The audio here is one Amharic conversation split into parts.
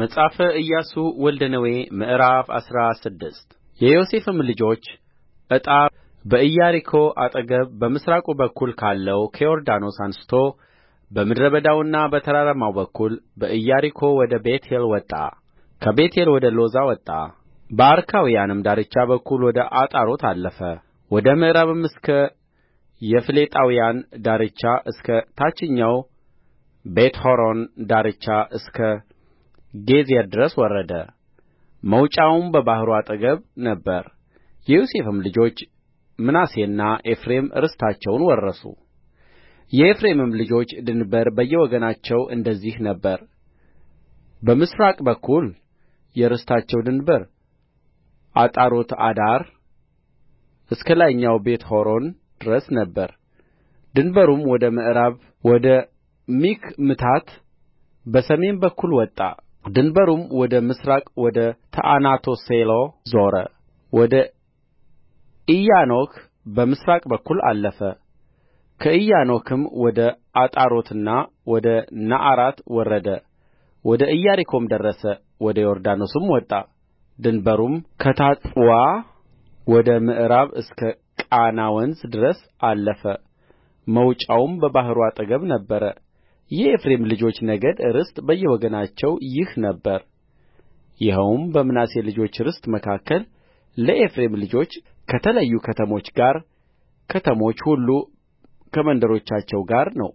መጽሐፈ ኢያሱ ወልደ ነዌ ምዕራፍ አስራ ስድስት የዮሴፍም ልጆች ዕጣ በኢያሪኮ አጠገብ በምሥራቁ በኩል ካለው ከዮርዳኖስ አንስቶ በምድረ በዳውና በተራራማው በኩል በኢያሪኮ ወደ ቤቴል ወጣ፣ ከቤቴል ወደ ሎዛ ወጣ፣ በአርካውያንም ዳርቻ በኩል ወደ አጣሮት አለፈ። ወደ ምዕራብም እስከ የፍሌጣውያን ዳርቻ እስከ ታችኛው ቤትሖሮን ዳርቻ እስከ ጌዝር ድረስ ወረደ መውጫውም በባሕሩ አጠገብ ነበረ የዮሴፍም ልጆች ምናሴና ኤፍሬም ርስታቸውን ወረሱ የኤፍሬምም ልጆች ድንበር በየወገናቸው እንደዚህ ነበረ በምሥራቅ በኩል የርስታቸው ድንበር አጣሮት አዳር እስከ ላይኛው ቤትሖሮን ድረስ ነበር። ድንበሩም ወደ ምዕራብ ወደ ሚክምታት በሰሜን በኩል ወጣ ድንበሩም ወደ ምሥራቅ ወደ ተአናትሴሎ ዞረ ወደ ኢያኖክ በምሥራቅ በኩል አለፈ ከኢያኖክም ወደ አጣሮትና ወደ ነዓራት ወረደ ወደ ኢያሪኮም ደረሰ ወደ ዮርዳኖስም ወጣ ድንበሩም ከታጱዋ ወደ ምዕራብ እስከ ቃና ወንዝ ድረስ አለፈ መውጫውም በባሕሩ አጠገብ ነበረ የኤፍሬም ልጆች ነገድ ርስት በየወገናቸው ይህ ነበረ ይኸውም በምናሴ ልጆች ርስት መካከል ለኤፍሬም ልጆች ከተለዩ ከተሞች ጋር ከተሞች ሁሉ ከመንደሮቻቸው ጋር ነው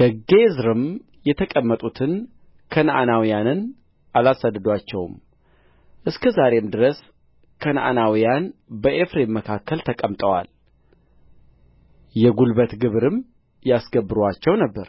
ከጌዝርም የተቀመጡትን ከነዓናውያንን አላሳደዱአቸውም እስከ ዛሬም ድረስ ከነዓናውያን በኤፍሬም መካከል ተቀምጠዋል የጕልበት ግብርም ያስገብሩአቸው ነበር